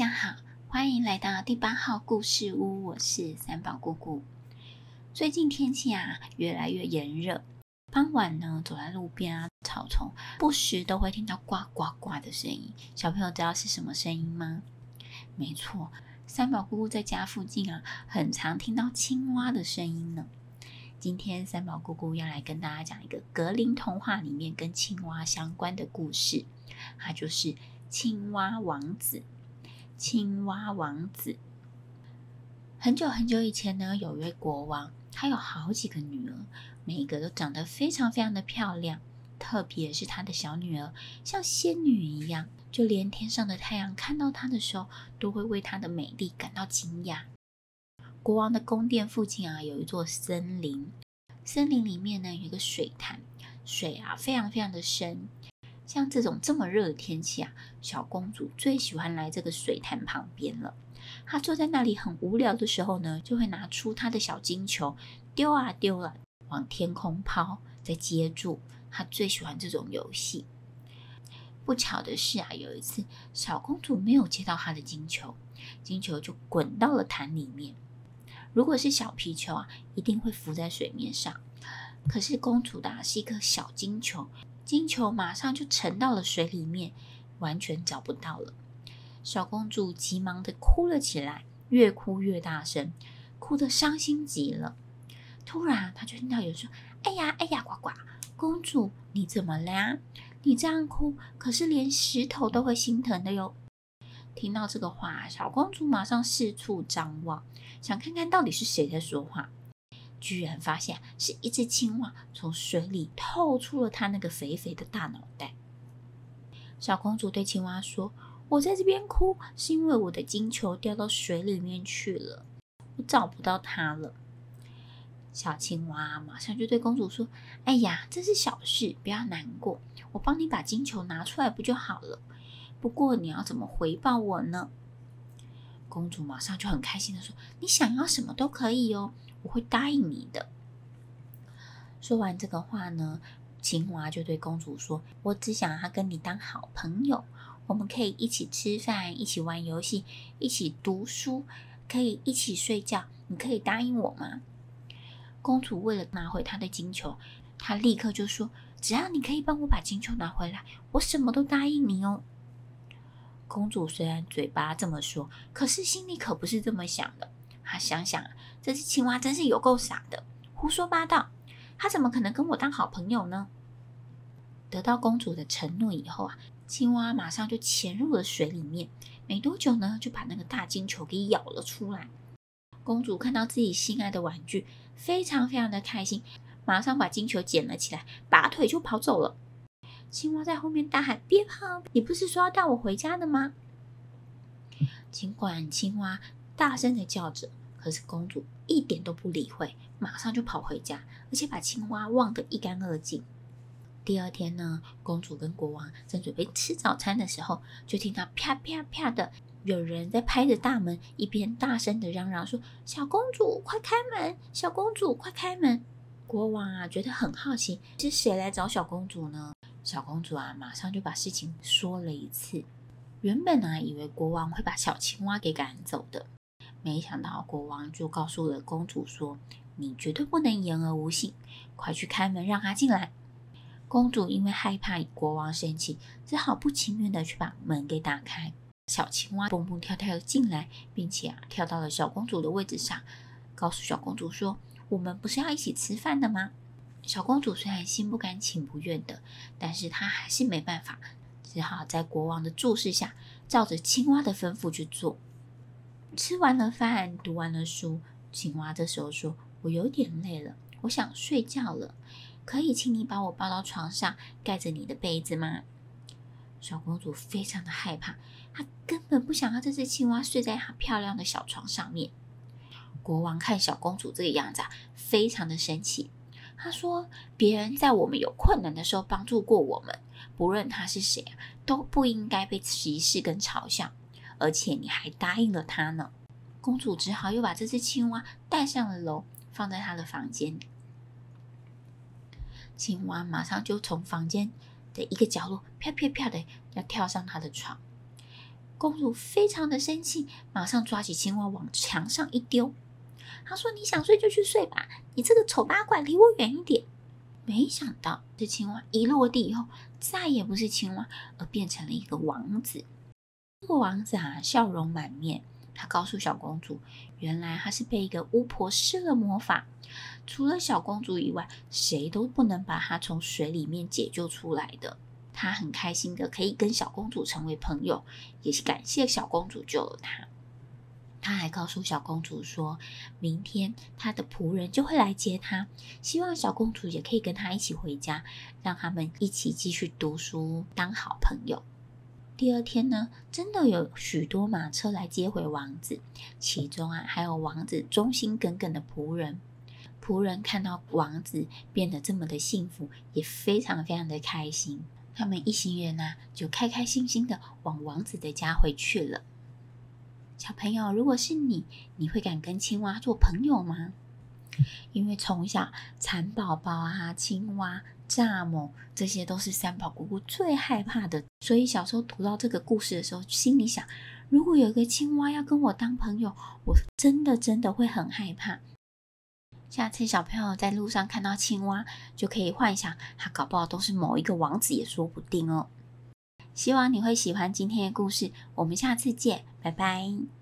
大家好，歡迎來到第八號故事屋。我是三寶姑姑。最近天氣啊，越來越炎熱。傍晚呢，走在路邊啊，草叢不時都會聽到呱呱呱的聲音。小朋友知道是什麼聲音嗎？沒錯，三寶姑姑在家附近啊，很常聽到青蛙的聲音呢。今天三寶姑姑要來跟大家講一個格林童話裡面跟青蛙相關的故事，它就是《青蛙王子》。青蛙王子。很久很久以前呢，有一位國王，他有好幾個女兒，每一個都長得非常非常的漂亮，特別是他的小女兒，像仙女一樣，就連天上的太陽看到她的時候，都會為她的美麗感到驚訝。國王的宮殿附近啊，有一座森林，森林裡面呢，有一個水潭，水啊，非常非常的深。像這種這麼熱的天氣啊，小公主最喜歡來這個水潭旁邊了。她坐在那裡很無聊的時候呢，就會拿出她的小金球，丟啊丟啊，往天空拋，再接住。她最喜歡這種遊戲。不巧的是啊，有一次小公主沒有接到她的金球，金球就滾到了潭裡面。如果是小皮球啊，一定會浮在水面上。可是公主的啊，是一顆小金球。金球馬上就沉到了水裡面，完全找不到了。小公主急忙的哭了起來，越哭越大聲，哭的傷心極了。突然，她就聽到有人說：“哎呀，哎呀，呱呱，公主你怎麼啦？你這樣哭，可是連石頭都會心疼的喲。”聽到這個話，小公主馬上四處張望，想看看到底是誰在說話。居然發現是一隻青蛙從水裡透出了它那個肥肥的大腦袋。小公主對青蛙說：“我在這邊哭，是因為我的金球掉到水裡面去了，我找不到它了。”小青蛙馬上就對公主說：“哎呀，這是小事，不要難過，我幫你把金球拿出來不就好了？不過你要怎麼回報我呢？”公主馬上就很開心地說：“你想要什麼都可以哦。”會答應你的。說完這個話呢，青蛙就對公主說：“我只想要跟你當好朋友，我們可以一起吃飯，一起玩遊戲，一起讀書，可以一起睡覺。你可以答應我嗎？”公主為了拿回她的金球，她立刻就說：“只要你可以幫我把金球拿回來，我什麼都答應你哦。”公主雖然嘴巴這麼說，可是心裡可不是這麼想的。他、啊、想想，這隻青蛙真是有夠傻的，胡說八道！他怎麼可能跟我當好朋友呢？得到公主的承諾以後啊，青蛙馬上就潛入了水裡面，沒多久呢，就把那個大金球給咬了出來。公主看到自己心愛的玩具，非常非常的開心，馬上把金球撿了起來，拔腿就跑走了。青蛙在後面大喊：“別跑！你不是說要帶我回家的嗎？”儘管青蛙。大聲的叫着，可是公主一點都不理會，馬上就跑回家，而且把青蛙忘得一乾二淨。第二天呢，公主跟國王正準備吃早餐的時候，就聽到啪啪啪啪的，有人在拍着大門，一邊大聲的嚷嚷說：“小公主，快開門！小公主，快開門！”國王啊，覺得很好奇，是誰來找小公主呢？小公主啊，馬上就把事情說了一次。原本啊，以為國王會把小青蛙給趕走的。沒想到國王就告訴了公主說：“你絕對不能言而無信，快去開門讓她進來。”公主因為害怕國王生氣，只好不情願的去把門給打開。小青蛙蹦蹦跳跳的進來，並且啊跳到了小公主的位置上，告訴小公主說：“我們不是要一起吃飯的嗎？”小公主雖然心不甘情不願的，但是她還是沒辦法，只好在國王的注視下，照着青蛙的吩咐去做。吃完了飯，讀完了書，青蛙這時候說：“我有點累了，我想睡覺了。可以請你把我抱到床上，蓋着你的被子嗎？”小公主非常的害怕，她根本不想要這隻青蛙睡在她漂亮的小床上面。國王看小公主這個樣子啊，非常的生氣。他說：“別人在我們有困難的時候幫助過我們，不論他是誰，都不應該被歧視跟嘲笑。”而且你還答應了他呢，公主只好又把這隻青蛙帶上了樓，放在她的房間。青蛙馬上就從房間的一個角落啪啪啪的要跳上他的床，公主非常的生氣，馬上抓起青蛙往牆上一丟。她說：“你想睡就去睡吧，你這個醜八怪，離我遠一點。”沒想到這青蛙一落地以後，再也不是青蛙，而變成了一個王子。這個王子啊，笑容滿面。他告訴小公主，原來他是被一個巫婆施了魔法，除了小公主以外，誰都不能把他從水裡面解救出來的。他很開心的可以跟小公主成為朋友，也是感謝小公主救了他。他還告訴小公主說，明天他的僕人就會來接他，希望小公主也可以跟他一起回家，讓他們一起繼續讀書，當好朋友。第二天呢，真的有許多馬車來接回王子，其中啊還有王子忠心耿耿的僕人。僕人看到王子變得這麼的幸福，也非常非常的開心。他們一行人呢、啊，就開開心心的往王子的家回去了。小朋友，如果是你，你會敢跟青蛙做朋友嗎？因為從小蠶寶寶啊、青蛙、蚱蜢，這些都是三寶菇菇最害怕的。所以小時候讀到這個故事的時候，心裡想：如果有一個青蛙要跟我當朋友，我真的真的會很害怕。下次小朋友在路上看到青蛙，就可以幻想它搞不好都是某一個王子也說不定哦。希望你會喜歡今天的故事，我們下次見，拜拜。